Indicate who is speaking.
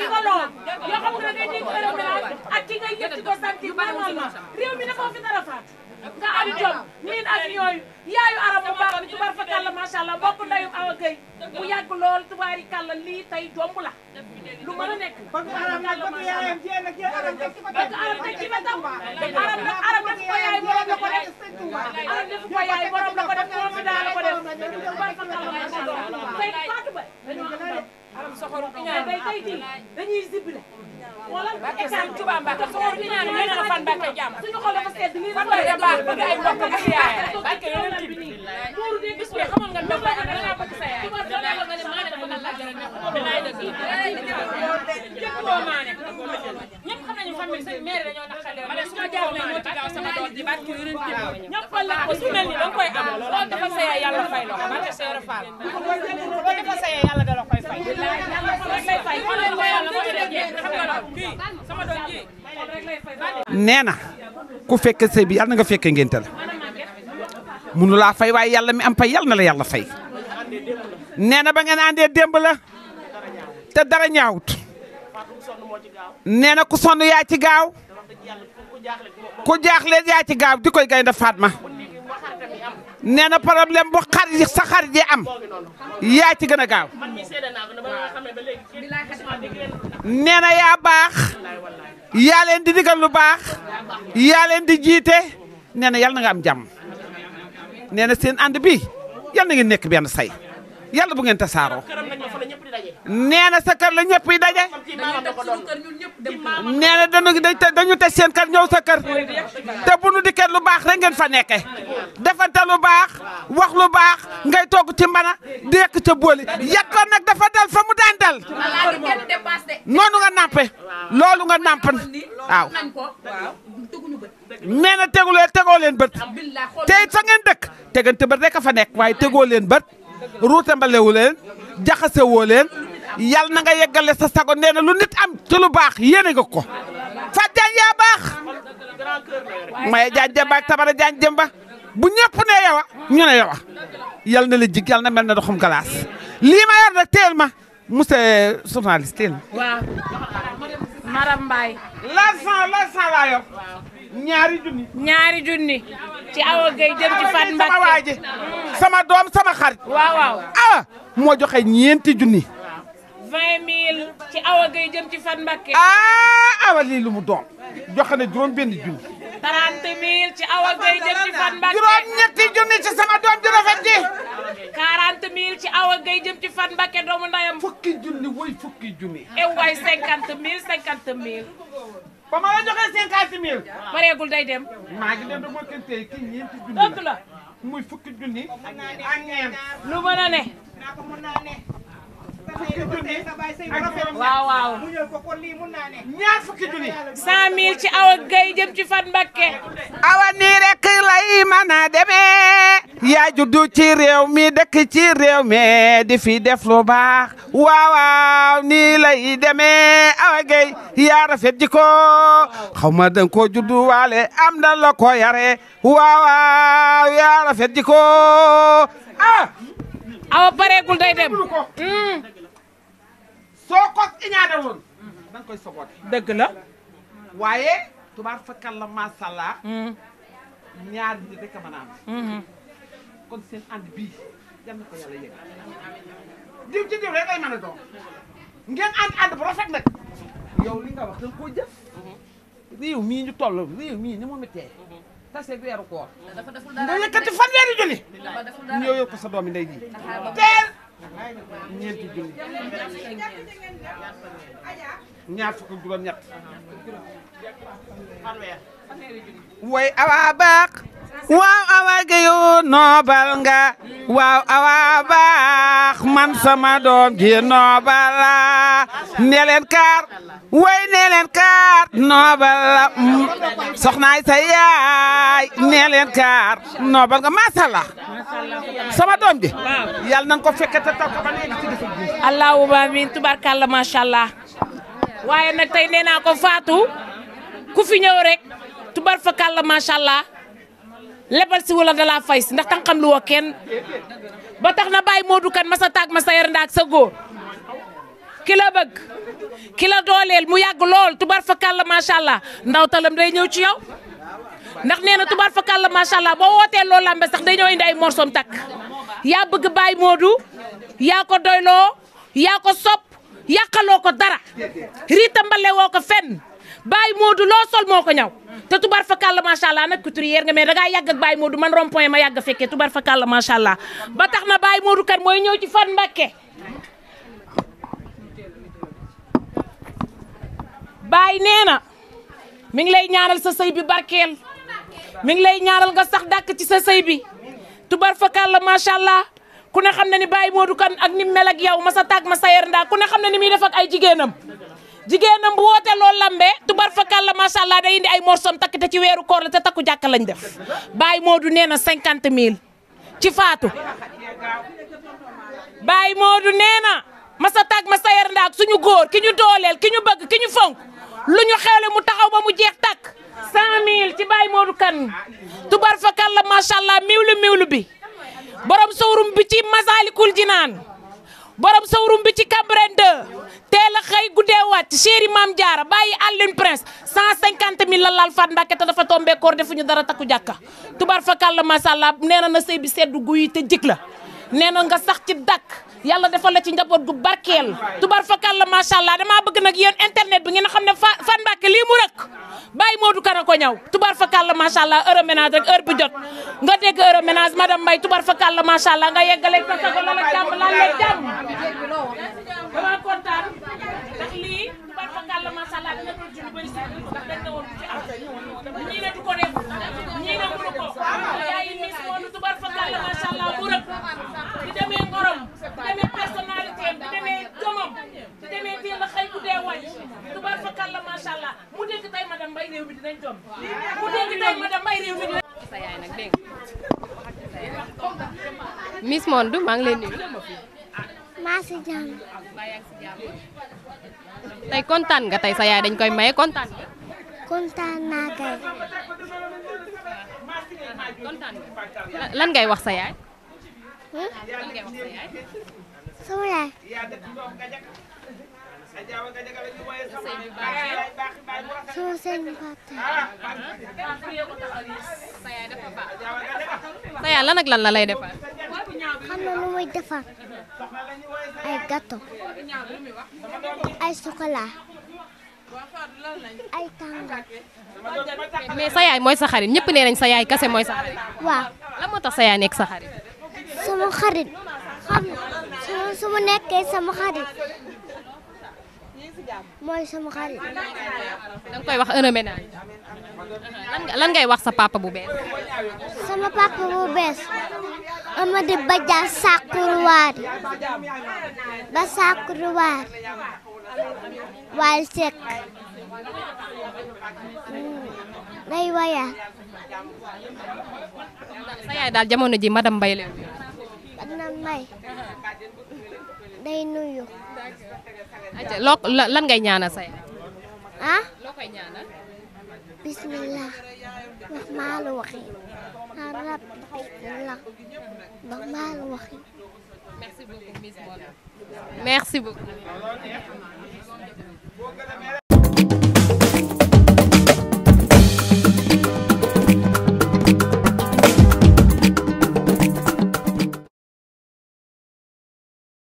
Speaker 1: di nga lool yoo xam nga da ngay dégg aéroport ak ci ngay yëg ci ko sant yi normalement réew mi dafa fi dara faat nga am jom miin ak yooyu yaayu arab bu baax bi tubaar fa kàlla macha allah bokk ndeyum awa bu yàgg lool tubaari kàlla lii tey jomb la lu mën a nekk la ba taw
Speaker 2: arab def ci ba taw borom la def arab def daa la def tubaar fa kàlla macha allah Fatou Ba dañoo am
Speaker 1: aram soxoru iñaan bay tey jii dañuy zible
Speaker 2: wala Mbacke Sëñ Touba Mbacke soxoru iñaan nee na fan Mbacke jàmm suñu
Speaker 1: xol dafa sedd nii fan la baax bëgg ay mbokk ak yaay Mbacke yeneen tibi mooru de bis bi xamoon nga ndam Mbacke dangaa bëgg sa yaay dama la nga ne maa ne dama la laaj rek bilaay dëgg la ñëpp xam nañu famille sëñ maire dañoo naqale ma ne suñu jaar nañu moo ci gaaw di na
Speaker 2: ku fekk sëy bi yàlla na nga fekk ngénte la munu laa fay waaye yàlla mi ampa fay na la yàlla fay nee na ba ngeen àndee démb la te dara ñaawut nee ku sonn yaa gaaw ku jaaxle yaa ci gaaw di koy gaynde faat nee na problème bu xar yi sa xar ji am
Speaker 1: yaa ci gën a gaaw
Speaker 2: nee yaa baax yaa leen di digal lu baax yaa leen di jiite nee na yal na am jàmm nee na seen ànd bi yal na ngeen nekk benn say yàlla bu ngeen tasaaroo nee na sa kër la ñëpp yi daje. nee na dañu dañu teg seen kër ñëw sa kër. te bu nu dikkee lu baax rek ngeen fa nekke defante lu baax wax lu baax ngay togg ci mbana di yekk ca booli yàqoon nag dafa dal fa mu daan dal.
Speaker 1: noonu nga nàmpe
Speaker 2: loolu nga nàmp waaw. nee na tegu leen tegoo leen bët te it fa ngeen dëkk tegante bët rek a fa nekk waaye tegoo leen bët ruute mbalewu leen. jaxase woo yal na nga yeggale sa sago nee na lu nit am te lu baax yéene nga ko Fatou Diagne yaa baax Maye Diagne Demba Tabara Diagne Demba bu ñëpp ne yowa ñu ne yowa yal na la jig yal na mel na doxum glace lii ma yor rek teel ma monsieur journaliste teel ma. waaw Maram Mbaye. l'argent l'argent laa yor. ñaari ñaari junni. ci Awa Gueye dem ci Fat sama waa sama doom sama xarit. waaw waaw ah moo joxe ñeenti junni.
Speaker 1: vingt ci Awa gay jëm ci Fat Mbacke. ah
Speaker 2: awa lii lu joxe na juróom benn junni.
Speaker 1: trente mille ci Awa Gueye jëm ci Fat juróom ñetti junni ci sama doom ju rafet mille ci Awa Gueye jëm ci Fat Mbacke doomu ndayam. fukki junni woy fukki junni. et eh waay cinquante mille cinquante mille. ba ma la joxee cinquante mille. pareegul day dem. maa ngi dem dama këntee kii ñeenti junni la dëgg la. muy fukki junni lu mën a waaw waaw. ñaar fukki junni. cent mille ci awa gay ci Fat Mbakke. awa nii rek
Speaker 2: yaa juddu ci réew mi dëkk ci réew mi di fi def loo baax waawaaw nii lay demee Awa Gueye yaa rafet jiko xaw ma danga koo juddu waale am na la ko yare waawaaw yaa rafet jiko
Speaker 1: ah. awa pareegul day dem. ko hmm. iñaane
Speaker 2: woon hmm. koy soboote. dëgg la. waaye hmm. a kon seen ànd bii yal na ko yàlla yëg diw ci diw rek ay mën a doon ngeen ànd ànd bu rafet nag yow li nga wax da nga koo jëf mm-hmm. réew mii ñu toll réew mii ni mu méttee
Speaker 1: mm-hmm. tase weeru koor nga yëkkati fanweeri junni ñëw yow ko sa doomi ndey ji teel ñeenti junni
Speaker 2: ñaar fukk juróom ñett waaye awa baax waaw awa geyu noobal nga waaw awa baax man sama doom ji noobal la nee kaar way nee kaar noobal la mm. soxnaay sa yaay nee kaar noobal nga macha sama doom ji
Speaker 1: yàlla nañ ko fekke taw ko ba léegi ci gis allahumma amiin tubarkalla macha allah waaye nag tey nee naa ko Fatou ku fi ñëw rek tubar fa kàlla macha lebal si wala dalaa ndax tan xam lu woo ba tax na bàyyi Modou Kane masa taag masa yar ndaak sa góor ki la bëgg ki la dooleel mu yàgg lool tubar fa kàlla macha allah ndaw talam day ñëw ci yow ndax nee na tubar fa kàlla macha allah boo wootee lambe sax day ñëw indi ay morsom takk yaa bëgg Baye moodu yaa ko doyloo yaa ko sopp yàqaloo ko dara riita mbale woo ko fenn Baye Modou loo sol moo ko ñaw te tubar fa kàlla macha allah nag couturière nga mais da ngaa yàgg ak Baye Modou man rond ma yàgg a fekkee tubar fa kàlla macha allah ba tax na Baye Modou kat mooy ñëw ci fan Mbakke. Baye nee na mi ngi lay ñaanal sa sëy bi barkeel mi ngi lay ñaanal nga sax dàkk ci sa sëy bi tubar fa kàlla macha allah ku ne xam ne ni Baye Modou kan ak ni mel ak yow ma sa tàgg sa yer ndaa ku ne xam ne ni muy def ay jigéenam. jigéenam bu woote loolu lambee tubar fakal la macha allah indi ay morsom takk te ci weeru koor la te takku jàkka lañ def Baye Modou nee na cinquante mille ci faatu Baye Modou nee na masa ndaak suñu góor ki ñu dooleel ki ñu bëgg ki ñu fonk lu ñu xewle mu taxaw ba mu jeex takk cent mille ci Baye Modou kan tubar fakal la macha allah miwlu miwlu bi borom sowrum bi ci Masalikul Jinaan borom sowrum bi ci Cambérène 2 teel a xëy guddee wàcc chéri maam jaara bàyyi àllin prince cent cinquante mille la laal faat mbàkke te dafa tombé koor defuñu dara takku jàkka tubar fa kàlla masàllaa nee na na sëy bi sedd guyi te jik la nee na nga sax ci dàkk yàlla defal la ci njaboot gu barkeel tubar fa kàlla macha allah damaa bëgg nag yéen internet bi ngeen xam ne fa fan mbàkke lii mu rëkk bàyyi moodu kan a ko ñaw tubar fa kàlla macha allah heure ménage rek heure bu jot nga dégg heure ménage madame Mbaye tubar fa kàlla macha allah nga yeggaleeg la la la félicité ndax dañ ne woon ci am ñii ne du ko def ñii ne mënu ko yaay yi mis moonu tubar fakalla macha allah bu rëb di demee ngorom di demee personnalité am di demee jomam di demee teel a xëy bu dee wàññi tubar fakalla macha allah mu dégg tey madame Mbaye réew mi dinañ jom mu dégg tey madame Mbaye réew mi dinañ. sa yaay nag dégg Miss Monde maa ngi leen nuyu. jàmm. kontaan nga tey sa yaay dañ koy maye kontaan nga. kontaan naa kay. lan ngay wax sa yaay. Hmm? lan ngay wax sa yaay. sama lan ak lan la lay defar. xam na lu muy defar ay gâteau ay chocolat ay tàngal. mais sa yaay mooy sa xarit ñëpp nee nañ sa yaay kase mooy sa xarit. waaw lan moo tax sa yaay nekk sa xarit. sama xarit xam na su ma nekkee sama xarit
Speaker 2: mooy sama xarit. da koy wax un ménage. lan ngay wax
Speaker 1: sa papa bu bees.
Speaker 2: sama papa bu bees. amadi baja sakurwaari ba sakurwaari
Speaker 1: waal sek hmm. nay waya sa yaay daal jamono ji madame Mbaye leen
Speaker 2: madame Mbaye day nuyu
Speaker 1: loo lan ngay ñaanal sa yaay ah loo koy maa la waxee arab la ba maal waxi merci beaucoup Miss